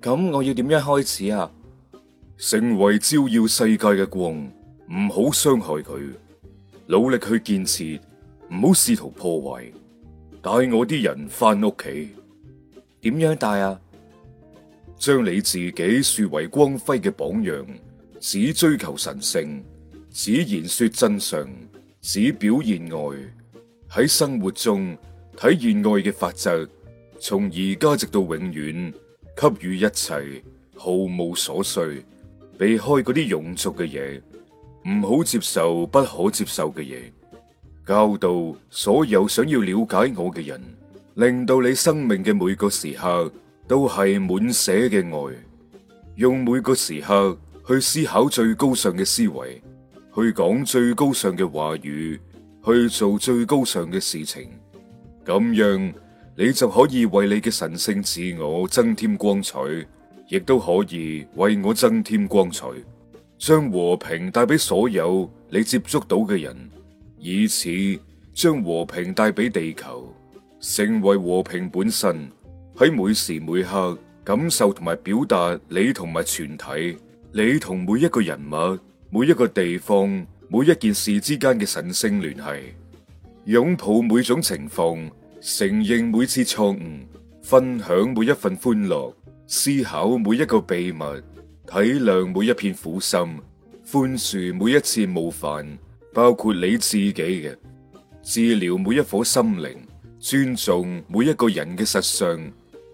咁我要點樣開始啊？成為照耀世界嘅光，唔好傷害佢，努力去建設，唔好試圖破壞。帶我啲人翻屋企，點樣帶啊？將你自己樹為光輝嘅榜樣，只追求神聖，只言說真相，只表現愛，喺生活中體現愛嘅法則，從而家直到永遠。給予一切，毫無所需，避開嗰啲庸俗嘅嘢，唔好接受不可接受嘅嘢，教導所有想要了解我嘅人，令到你生命嘅每個時刻都係滿寫嘅愛，用每個時刻去思考最高尚嘅思維，去講最高尚嘅話語，去做最高尚嘅事情，咁樣。你就可以為你嘅神聖自我增添光彩，亦都可以為我增添光彩，將和平帶俾所有你接觸到嘅人，以此將和平帶俾地球，成為和平本身。喺每時每刻感受同埋表達你同埋全體，你同每一個人物、每一個地方、每一件事之間嘅神聖聯繫，擁抱每種情況，承認每次錯誤，分享每一份歡樂，思考每一個秘密，體諒每一片苦心，寬恕每一次冒犯，包括你自己嘅治療每一顆心靈，尊重每一個人嘅實相，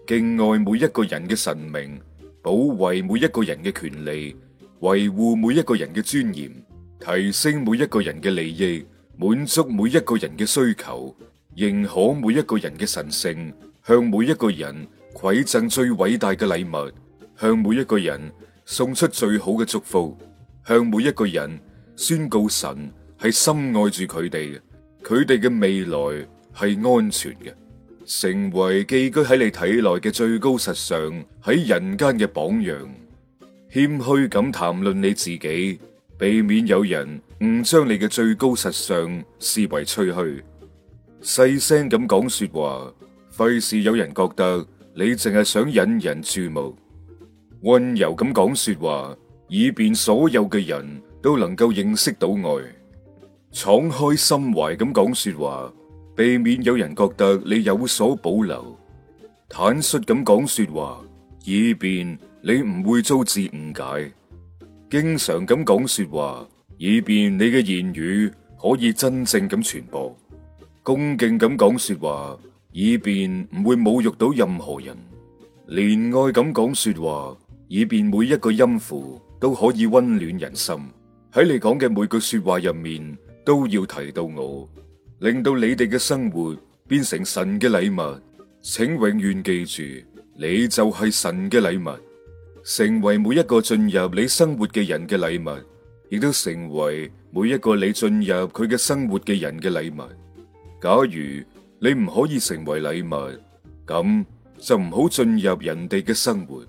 敬愛每一個人嘅神明，保衛每一個人嘅權利，維護每一個人嘅尊嚴，提升每一個人嘅利益，滿足每一個人嘅需求。認可每一個人嘅神聖，向每一個人饋贈最偉大嘅禮物，向每一個人送出最好嘅祝福，向每一個人宣告神係深愛住佢哋嘅，佢哋嘅未來係安全嘅。成為寄居喺你體內嘅最高實相喺人間嘅榜樣，謙虛咁談論你自己，避免有人誤將你嘅最高實相視為吹噓。細聲咁講說話，費事有人覺得你淨係想引人注目；溫柔咁講說話，以便所有嘅人都能夠認識到愛；敞開心懷咁講說話，避免有人覺得你有所保留；坦率咁講說話，以便你唔會遭致誤解；經常咁講說話，以便你嘅言語可以真正咁傳播。恭敬咁講說話，以便唔會侮辱到任何人；憐愛咁講說話，以便每一個音符都可以溫暖人心。喺你講嘅每句說話入面，都要提到我，令到你哋嘅生活變成神嘅禮物。請永遠記住，你就係神嘅禮物，成為每一個進入你生活嘅人嘅禮物，亦都成為每一個你進入佢嘅生活嘅人嘅禮物。假如你唔可以成為禮物，咁就唔好進入人哋嘅生活。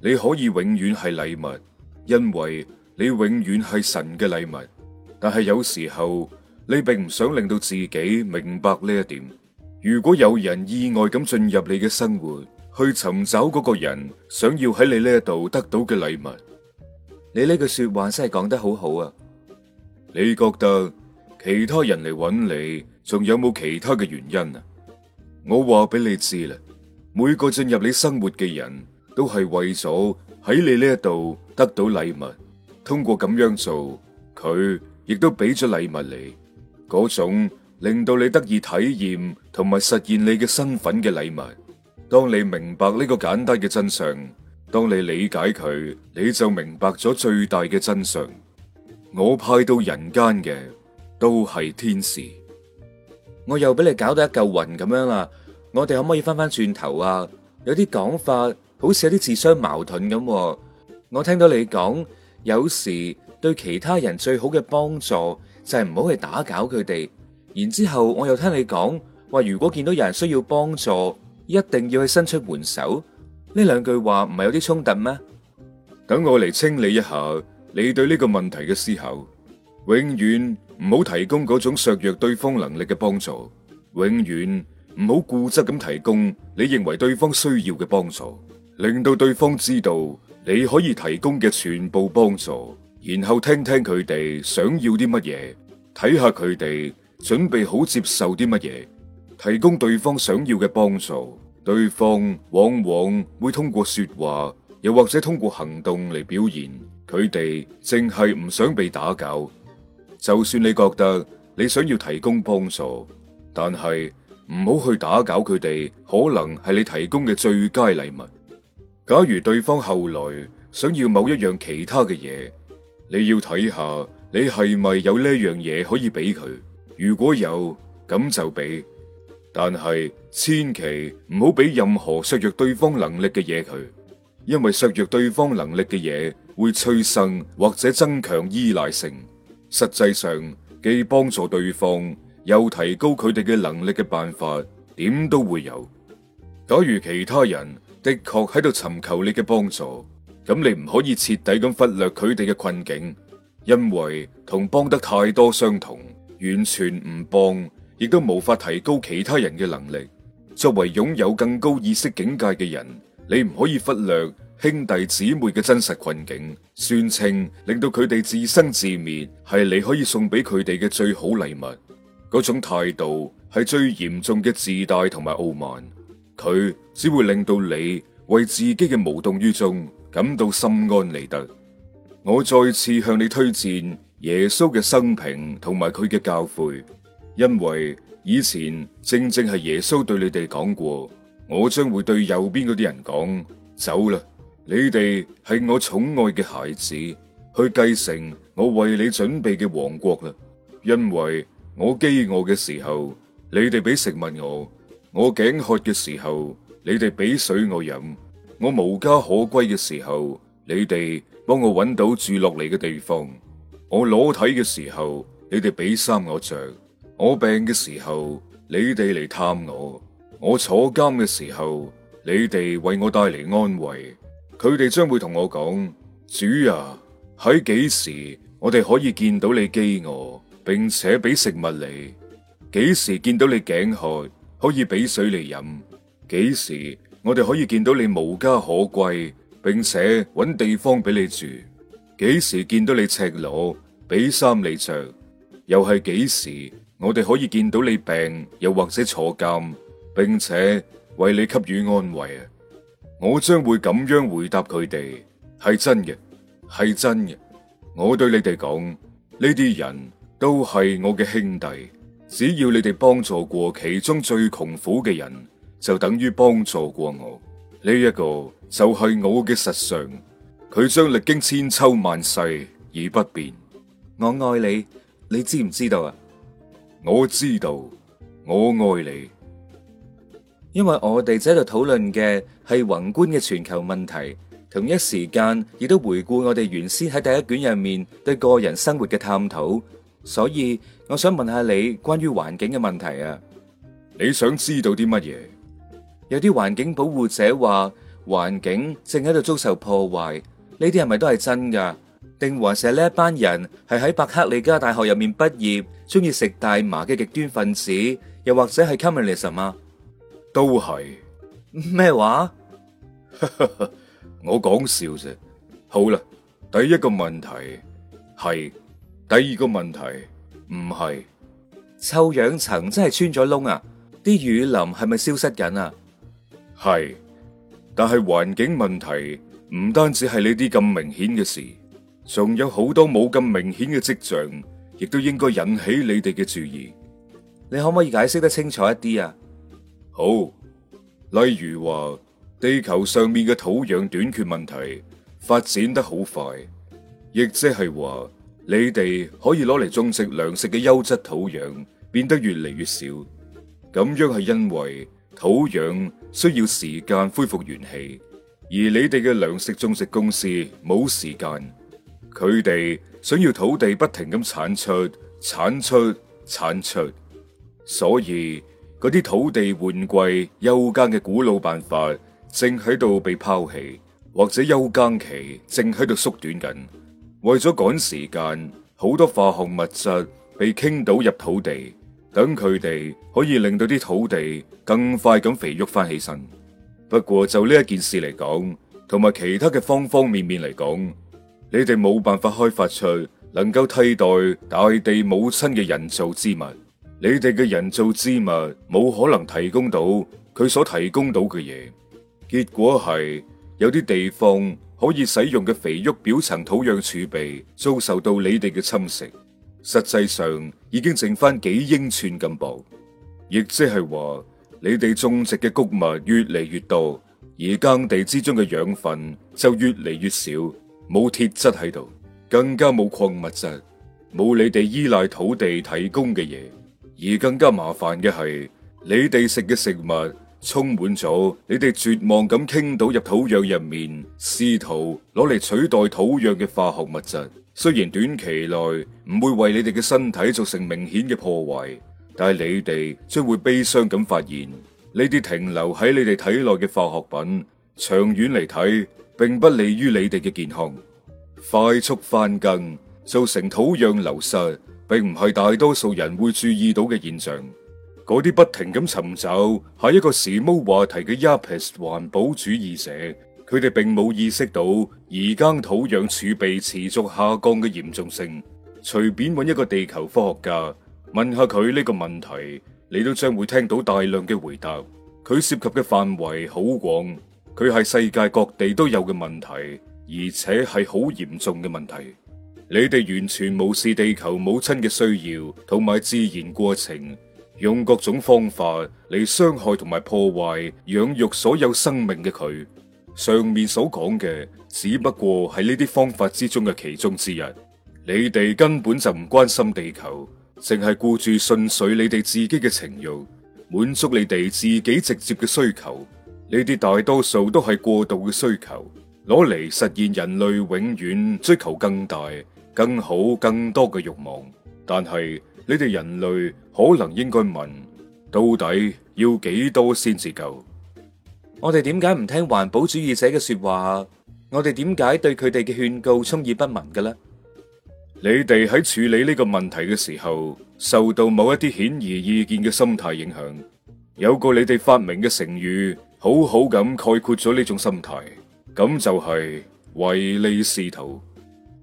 你可以永遠係禮物，因為你永遠係神嘅禮物。但係有時候你並唔想令到自己明白呢一點。如果有人意外咁進入你嘅生活，去尋找嗰個人想要喺你呢一度得到嘅禮物，你呢句說話真係講得好好啊！你覺得其他人嚟揾你？仲有冇其他嘅原因啊？我話俾你知啦，每個進入你生活嘅人都係為咗喺你呢一度得到禮物。通過咁樣做，佢亦都俾咗禮物你，嗰種令到你得以體驗同埋實現你嘅身份嘅禮物。當你明白呢個簡單嘅真相，當你理解佢，你就明白咗最大嘅真相。我派到人間嘅，都係天使。我又俾你搞到一嚿雲咁樣啦，我哋可唔可以翻翻轉頭啊？有啲講法好似有啲自相矛盾咁。我聽到你講，有時對其他人最好嘅幫助就係唔好去打攪佢哋。然之後我又聽你講話，如果見到有人需要幫助，一定要去伸出援手。呢兩句話唔係有啲衝突咩？等我嚟清理一下你對呢個問題嘅思考，永遠。唔好提供嗰種削弱對方能力嘅幫助，永遠唔好固執咁提供你認為對方需要嘅幫助，令到對方知道你可以提供嘅全部幫助，然後聽聽佢哋想要啲乜嘢，睇下佢哋準備好接受啲乜嘢，提供對方想要嘅幫助。對方往往會通過說話，又或者通過行動嚟表現，佢哋淨係唔想被打攪。就算你覺得你想要提供幫助，但係唔好去打攪佢哋，可能係你提供嘅最佳禮物。假如對方後來想要某一樣其他嘅嘢，你要睇下你係咪有呢樣嘢可以俾佢。如果有，咁就俾。但係千祈唔好俾任何削弱對方能力嘅嘢佢，因為削弱對方能力嘅嘢會催生或者增強依賴性。實際上，既幫助對方又提高佢哋嘅能力嘅辦法，點都會有。假如其他人的確喺度尋求你嘅幫助，咁你唔可以徹底咁忽略佢哋嘅困境，因為同幫得太多相同，完全唔幫，亦都無法提高其他人嘅能力。作為擁有更高意識境界嘅人，你唔可以忽略。兄弟姊妹嘅真實困境，宣稱令到佢哋自生自滅，係你可以送俾佢哋嘅最好禮物。嗰種態度係最嚴重嘅自大同埋傲慢，佢只會令到你為自己嘅無動於衷感到心安理得。我再次向你推薦耶穌嘅生平同埋佢嘅教誨，因為以前正正係耶穌對你哋講過，我將會對右邊嗰啲人講，走啦。你哋係我寵愛嘅孩子，去繼承我為你準備嘅王國啦。因為我飢餓嘅時候，你哋俾食物我；我頸渴嘅時候，你哋俾水我飲；我無家可歸嘅時候，你哋幫我搵到住落嚟嘅地方；我裸體嘅時候，你哋俾衫我着；我病嘅時候，你哋嚟探我；我坐監嘅時候，你哋為我帶嚟安慰。佢哋將會同我講：主啊，喺幾時我哋可以見到你飢餓，並且俾食物你？幾時見到你頸渴，可以俾水嚟飲？幾時我哋可以見到你無家可歸，並且揾地方俾你住？幾時見到你赤裸，俾衫你着？又係幾時我哋可以見到你病，又或者坐監，並且為你給予安慰？我將會咁樣回答佢哋，係真嘅，係真嘅。我對你哋講，呢啲人都係我嘅兄弟。只要你哋幫助過其中最窮苦嘅人，就等於幫助過我。呢一個就係我嘅實相，佢將歷經千秋萬世而不變。我愛你，你知唔知道啊？我知道，我愛你。因為我哋喺度討論嘅係宏觀嘅全球問題，同一時間亦都回顧我哋原先喺第一卷入面對個人生活嘅探討，所以我想問下你關於環境嘅問題啊。你想知道啲乜嘢？有啲環境保護者話環境正喺度遭受破壞，呢啲係咪都係真噶？定還是呢一班人係喺伯克利加大學入面畢業，中意食大麻嘅極端分子，又或者係 communism 啊？都係咩話？ 我講笑啫。好啦，第一個問題係，第二個問題唔係。臭氧層真係穿咗窿啊！啲雨林係咪消失緊啊？係，但係環境問題唔單止係呢啲咁明顯嘅事，仲有好多冇咁明顯嘅跡象，亦都應該引起你哋嘅注意。你可唔可以解釋得清楚一啲啊？好，例如話，地球上面嘅土壤短缺問題發展得好快，亦即係話，你哋可以攞嚟種植糧食嘅優質土壤變得越嚟越少，咁樣係因為土壤需要時間恢復元氣，而你哋嘅糧食種植公司冇時間，佢哋想要土地不停咁產出、產出、產出、產出，所以。嗰啲土地換季休耕嘅古老辦法正喺度被拋棄，或者休耕期正喺度縮短緊。為咗趕時間，好多化學物質被傾倒入土地，等佢哋可以令到啲土地更快咁肥沃翻起身。不過就呢一件事嚟講，同埋其他嘅方方面面嚟講，你哋冇辦法開發出能夠替代大地母親嘅人造之物。你哋嘅人造之物冇可能提供到佢所提供到嘅嘢，結果係有啲地方可以使用嘅肥沃表層土壤儲備遭受到你哋嘅侵蝕，實際上已經剩翻幾英寸咁薄，亦即係話，你哋種植嘅穀物越嚟越多，而耕地之中嘅養分就越嚟越少，冇鐵質喺度，更加冇礦物質，冇你哋依賴土地提供嘅嘢。而更加麻煩嘅係，你哋食嘅食物充滿咗你哋絕望咁傾倒入土壤入面，試圖攞嚟取代土壤嘅化學物質。雖然短期內唔會為你哋嘅身體造成明顯嘅破壞，但係你哋將會悲傷咁發現，呢啲停留喺你哋體內嘅化學品，長遠嚟睇，並不利於你哋嘅健康。快速翻耕，造成土壤流失，並唔係大多數人會注意到嘅現象，嗰啲不停咁尋找係一個時髦話題嘅亞皮斯環保主義者，佢哋並冇意識到而家土壤儲備持續下降嘅嚴重性。隨便揾一個地球科學家，問下佢呢個問題，你都將會聽到大量嘅回答。佢涉及嘅範圍好廣，佢係世界各地都有嘅問題，而且係好嚴重嘅問題。你哋完全無視地球母親嘅需要同埋自然過程，用各種方法嚟傷害同埋破壞養育所有生命嘅佢。上面所講嘅只不過係呢啲方法之中嘅其中之一。你哋根本就唔關心地球，淨係顧住順遂你哋自己嘅情慾，滿足你哋自己直接嘅需求。呢啲大多數都係過度嘅需求，攞嚟實現人類永遠追求更大更好、更多嘅慾望，但係你哋人類可能應該問：到底要幾多先至夠？我哋點解唔聽環保主義者嘅說話？我哋點解對佢哋嘅勸告充耳不聞嘅咧？你哋喺處理呢個問題嘅時候，受到某一啲顯而易見嘅心態影響。有個你哋發明嘅成語，好好咁概括咗呢種心態，咁就係唯利是圖。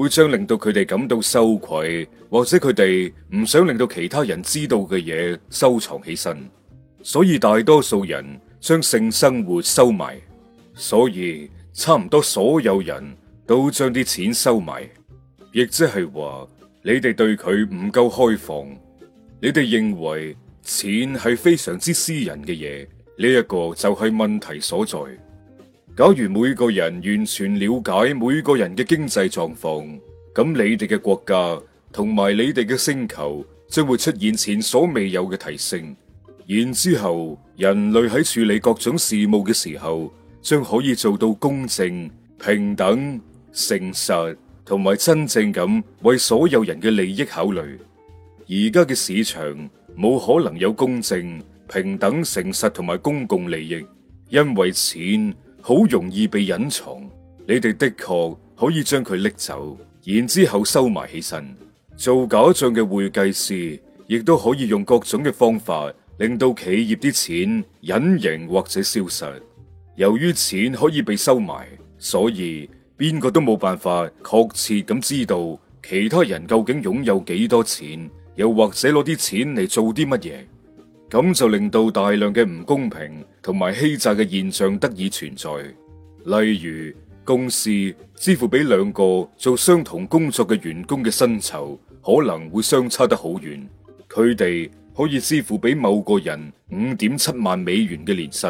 會將令到佢哋感到羞愧，或者佢哋唔想令到其他人知道嘅嘢收藏起身，所以大多數人將性生活收埋，所以差唔多所有人都將啲錢收埋，亦即係話你哋對佢唔夠開放，你哋認為錢係非常之私人嘅嘢，呢一個就係問題所在。假如每個人完全了解每個人嘅經濟狀況，咁你哋嘅國家同埋你哋嘅星球將會出現前所未有嘅提升。然之後，人類喺處理各種事務嘅時候，將可以做到公正、平等、誠實，同埋真正咁為所有人嘅利益考慮。而家嘅市場冇可能有公正、平等、誠實同埋公共利益，因為錢。好容易被隱藏，你哋的確可以將佢拎走，然之後收埋起身。做假賬嘅會計師亦都可以用各種嘅方法，令到企業啲錢隱形或者消失。由於錢可以被收埋，所以邊個都冇辦法確切咁知道其他人究竟擁有幾多錢，又或者攞啲錢嚟做啲乜嘢。咁就令到大量嘅唔公平同埋欺詐嘅現象得以存在。例如，公司支付俾兩個做相同工作嘅員工嘅薪酬可能會相差得好遠。佢哋可以支付俾某個人五點七萬美元嘅年薪，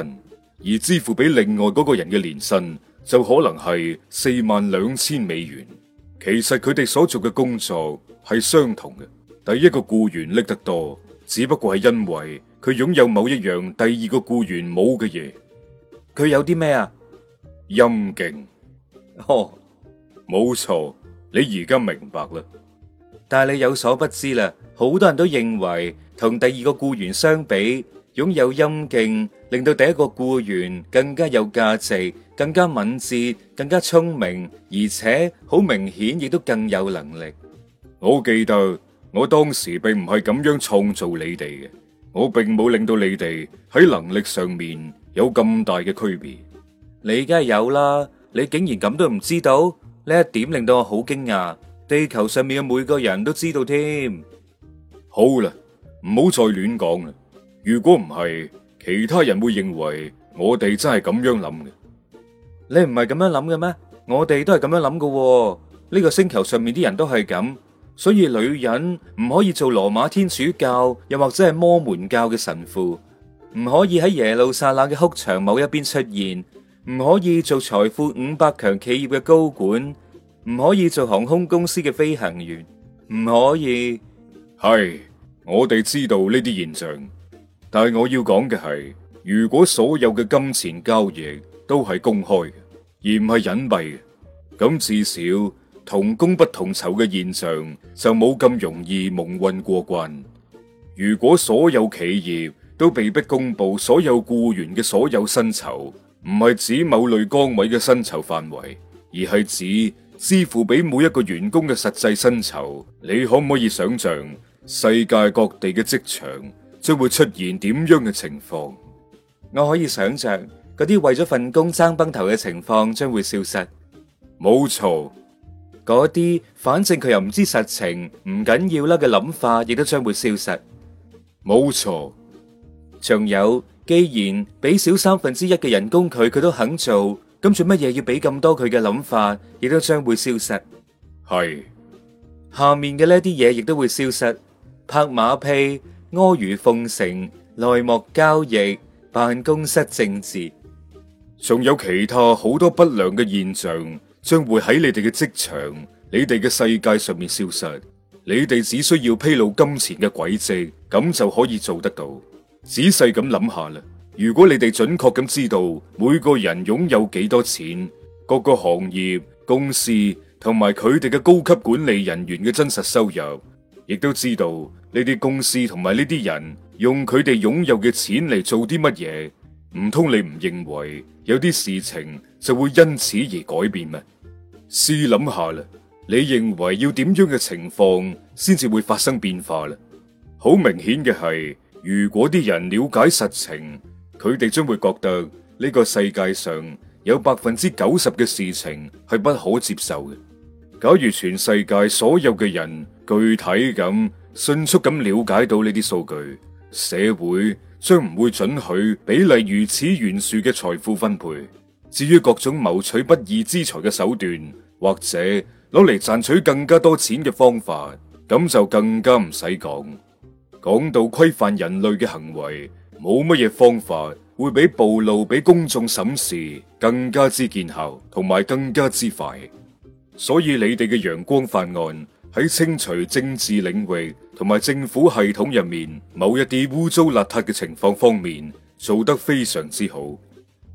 而支付俾另外嗰個人嘅年薪就可能係四萬兩千美元。其實佢哋所做嘅工作係相同嘅，第一個僱員拎得多，只不過係因為。佢擁有某一樣第二個僱員冇嘅嘢，佢有啲咩啊？陰莖，哦，冇錯，你而家明白啦。但係你有所不知啦，好多人都認為同第二個僱員相比，擁有陰莖令到第一個僱員更加有價值、更加敏捷、更加聰明，而且好明顯亦都更有能力。我記得我當時並唔係咁樣創造你哋嘅。我並冇令到你哋喺能力上面有咁大嘅區別，你梗係有啦！你竟然咁都唔知道呢一點，令到我好驚訝。地球上面嘅每個人都知道添。好啦，唔好再亂講啦！如果唔係，其他人會認為我哋真係咁樣諗嘅。你唔係咁樣諗嘅咩？我哋都係咁樣諗嘅喎，呢個星球上面啲人都係咁。所以女人唔可以做羅馬天主教又或者係摩門教嘅神父，唔可以喺耶路撒冷嘅哭牆某一邊出現，唔可以做財富五百強企業嘅高管，唔可以做航空公司嘅飛行員，唔可以。係我哋知道呢啲現象，但係我要講嘅係，如果所有嘅金錢交易都係公開嘅而唔係隱蔽，咁至少。同工不同酬嘅現象就冇咁容易蒙混過關。如果所有企業都被逼公布所有僱員嘅所有薪酬，唔係指某類崗位嘅薪酬範圍，而係指支付俾每一個員工嘅實際薪酬，你可唔可以想象世界各地嘅職場將會出現點樣嘅情況？我可以想象嗰啲為咗份工爭崩頭嘅情況將會消失。冇錯。嗰啲反正佢又唔知實情，唔緊要啦嘅諗法，亦都將會消失。冇錯，仲有，既然俾少三分之一嘅人工佢，佢都肯做，咁做乜嘢要俾咁多佢嘅諗法，亦都將會消失。係，下面嘅呢一啲嘢亦都會消失，拍馬屁、阿諛奉承、內幕交易、辦公室政治，仲有其他好多不良嘅現象。將會喺你哋嘅職場、你哋嘅世界上面消失。你哋只需要披露金錢嘅軌跡，咁就可以做得到。仔細咁諗下啦，如果你哋準確咁知道每個人擁有幾多錢，各個行業、公司同埋佢哋嘅高級管理人員嘅真實收入，亦都知道你哋公司同埋呢啲人用佢哋擁有嘅錢嚟做啲乜嘢。唔通你唔認為有啲事情就會因此而改變咩？試諗下啦，你認為要點樣嘅情況先至會發生變化啦？好明顯嘅係，如果啲人了解實情，佢哋將會覺得呢個世界上有百分之九十嘅事情係不可接受嘅。假如全世界所有嘅人具體咁迅速咁了解到呢啲數據，社會將唔會准許比例如此懸殊嘅財富分配。至於各種謀取不義之財嘅手段，或者攞嚟賺取更加多錢嘅方法，咁就更加唔使講。講到規範人類嘅行為，冇乜嘢方法會比暴露俾公眾審視更加之見效，同埋更加之快。所以你哋嘅陽光法案。喺清除政治領域同埋政府系統入面某一啲污糟邋遢嘅情況方面做得非常之好。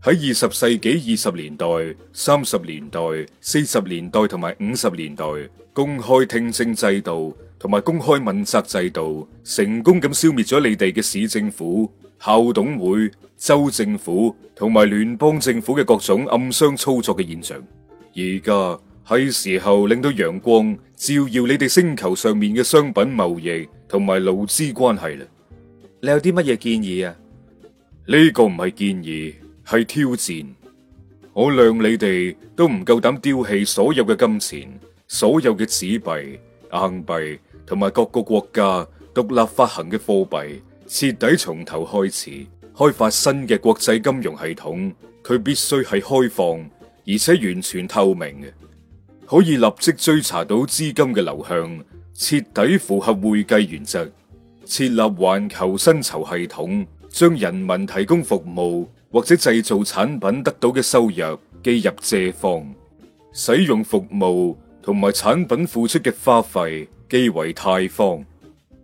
喺二十世紀二十年代、三十年代、四十年代同埋五十年代，公開聽證制度同埋公開問責制度成功咁消滅咗你哋嘅市政府、校董會、州政府同埋聯邦政府嘅各種暗箱操作嘅現象。而家。係時候令到陽光照耀你哋星球上面嘅商品貿易同埋勞資關係啦。你有啲乜嘢建議啊？呢個唔係建議，係挑戰。我諒你哋都唔夠膽丟棄所有嘅金錢、所有嘅紙幣、硬幣同埋各個國家獨立發行嘅貨幣，徹底從頭開始開發新嘅國際金融系統。佢必須係開放而且完全透明嘅。可以立即追查到資金嘅流向，徹底符合會計原則。設立環球薪酬系統，將人民提供服務或者製造產品得到嘅收入記入借方，使用服務同埋產品付出嘅花費記為貸方。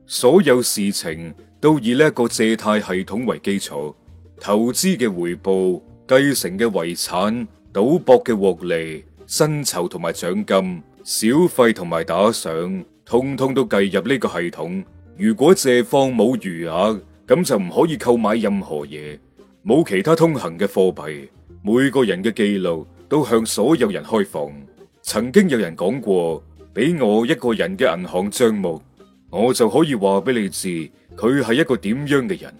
所有事情都以呢一個借貸系統為基礎。投資嘅回報、繼承嘅遺產、賭博嘅獲利。薪酬同埋獎金、小費同埋打賞，通通都計入呢個系統。如果借方冇餘額，咁就唔可以購買任何嘢，冇其他通行嘅貨幣。每個人嘅記錄都向所有人開放。曾經有人講過，俾我一個人嘅銀行賬目，我就可以話俾你知佢係一個點樣嘅人。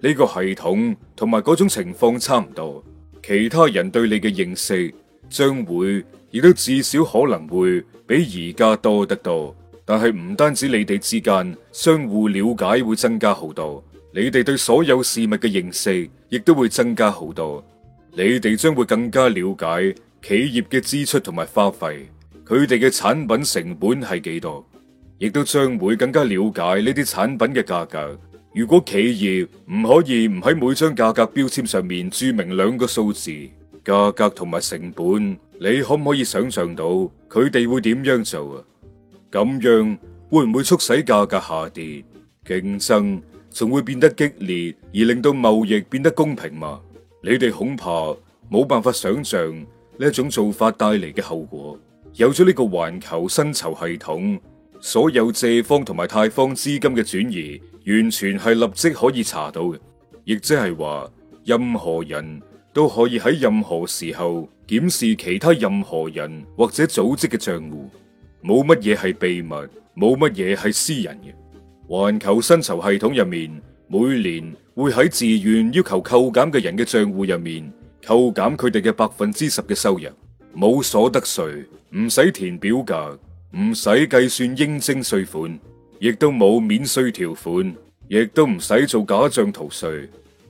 呢個系統同埋嗰種情況差唔多。其他人對你嘅認識，將會亦都至少可能會比而家多得多，但係唔單止你哋之間相互了解會增加好多，你哋對所有事物嘅認識亦都會增加好多。你哋將會更加了解企業嘅支出同埋花費，佢哋嘅產品成本係幾多，亦都將會更加了解呢啲產品嘅價格。如果企業唔可以唔喺每張價格標籤上面注明兩個數字。價格同埋成本，你可唔可以想象到佢哋會點樣做啊？咁樣會唔會促使價格下跌？競爭仲會變得激烈，而令到貿易變得公平嘛？你哋恐怕冇辦法想象呢一種做法帶嚟嘅後果。有咗呢個環球薪酬系統，所有借方同埋貸方資金嘅轉移，完全係立即可以查到嘅，亦即係話任何人。都可以喺任何時候檢視其他任何人或者組織嘅賬戶，冇乜嘢係秘密，冇乜嘢係私人嘅。環球薪酬系統入面，每年會喺自願要求扣減嘅人嘅賬戶入面扣減佢哋嘅百分之十嘅收入，冇所得稅，唔使填表格，唔使計算應徵稅款，亦都冇免稅條款，亦都唔使做假賬逃稅。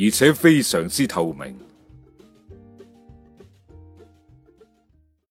而且非常之透明。